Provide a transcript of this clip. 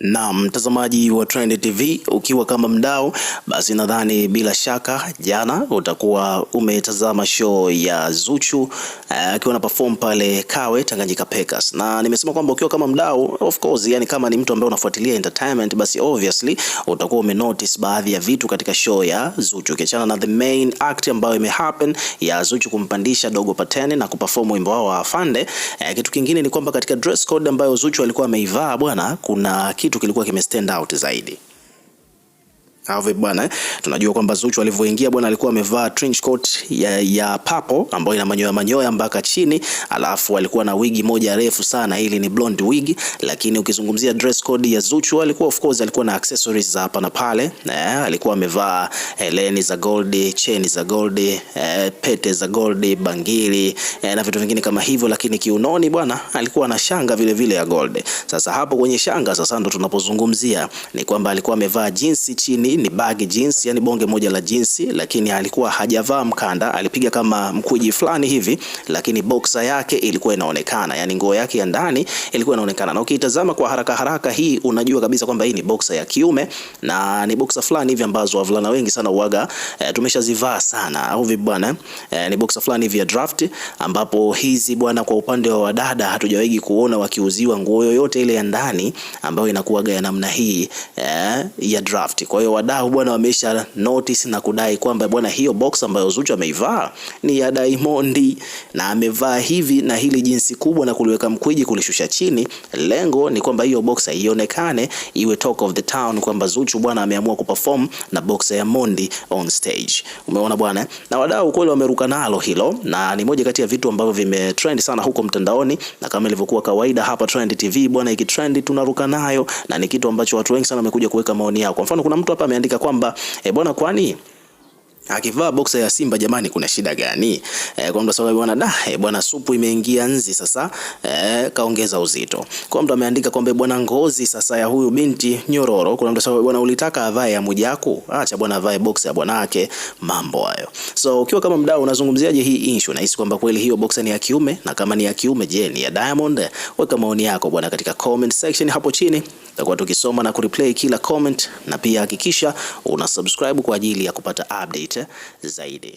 Na mtazamaji wa Trend TV ukiwa kama mdau, basi nadhani bila shaka jana utakuwa umetazama show ya Zuchu eh, akiwa uh, na perform pale Kawe Tanganyika Packers, na nimesema kwamba ukiwa kama mdau, of course, yani kama ni mtu ambaye unafuatilia entertainment, basi obviously utakuwa umenotice baadhi ya vitu katika show ya Zuchu, ukiachana na the main act ambayo imehappen ya Zuchu kumpandisha Dogo Pateni na kuperform wimbo wao wa Afande. Uh, Kitu kingine ni kwamba katika dress code ambayo Zuchu alikuwa ameivaa bwana, kuna kitu kilikuwa kime stand out zaidi. Ave bwana, eh? tunajua kwamba Zuchu alivyoingia bwana alikuwa amevaa trench coat ya, ya papo ambayo ina manyoya manyoya mpaka chini, alafu alikuwa na wigi moja refu sana, hili ni blonde wig. Lakini ukizungumzia dress code ya Zuchu alikuwa of course alikuwa na accessories za hapa na pale eh, alikuwa amevaa heleni eh, za gold, cheni za gold, eh, pete za gold, bangili eh, na vitu vingine kama hivyo, lakini kiunoni bwana alikuwa na shanga vile vile ya gold. Sasa hapo kwenye shanga sasa ndo tunapozungumzia ni kwamba alikuwa amevaa jinsi chini ni bagi jeans, yani bonge moja la jinsi, lakini alikuwa hajavaa mkanda, alipiga kama mkuji fulani hivi, lakini boksa yake ilikuwa inaonekana, yani nguo yake ya ndani ilikuwa inaonekana. Na ukitazama kwa haraka haraka hii unajua kabisa kwamba hii ni boksa ya kiume na ni boksa fulani hivi ambazo wavulana wengi sana uaga e, eh, tumeshazivaa sana au vipi bwana? E, ni boksa fulani hivi ya draft ambapo hizi bwana, kwa upande wa wadada hatujawahi kuona wakiuziwa nguo yoyote ile ya ndani ambayo inakuwaga ya namna hii e, ya draft. Kwa hiyo wadau bwana wameisha notice na kudai kwamba bwana, hiyo box ambayo Zuchu ameivaa ni ya Diamond na amevaa hivi na hili jinsi kubwa na kuliweka mkwiji kulishusha chini. Lengo ni kwamba hiyo box ionekane iwe talk of the town kwamba Zuchu bwana ameamua kuperform na box ya Mondi on stage. Umeona bwana, eh? na wadau kweli wameruka nalo hilo, na ni moja kati ya vitu ambavyo vimetrend sana huko mtandaoni, na kama ilivyokuwa kawaida hapa Trend TV bwana, ikitrend tunaruka nayo, na ni kitu ambacho watu wengi sana wamekuja kuweka maoni yao. Kwa mfano kuna mtu hapa ameandika kwamba e, bwana kwani akivaa boksa ya Simba jamani, kuna shida gani? E, kwa mtu sababu bwana da e, bwana supu imeingia nzi sasa. E, kaongeza uzito. Kwa mtu ameandika kwamba bwana ngozi sasa ya huyu binti nyororo. Kuna mtu sababu bwana ulitaka avae ya Mwijaku, acha bwana avae boksa ya bwanake, mambo hayo. So ukiwa kama mdau unazungumziaje hii issue? Nahisi kwamba kweli hiyo boksa ni ya kiume, na kama ni ya kiume, je, ni ya Diamond? Weka maoni yako bwana katika comment section hapo chini, tutakuwa tukisoma na kureplay kila comment, na pia hakikisha una subscribe kwa ajili ya kupata update zaidi.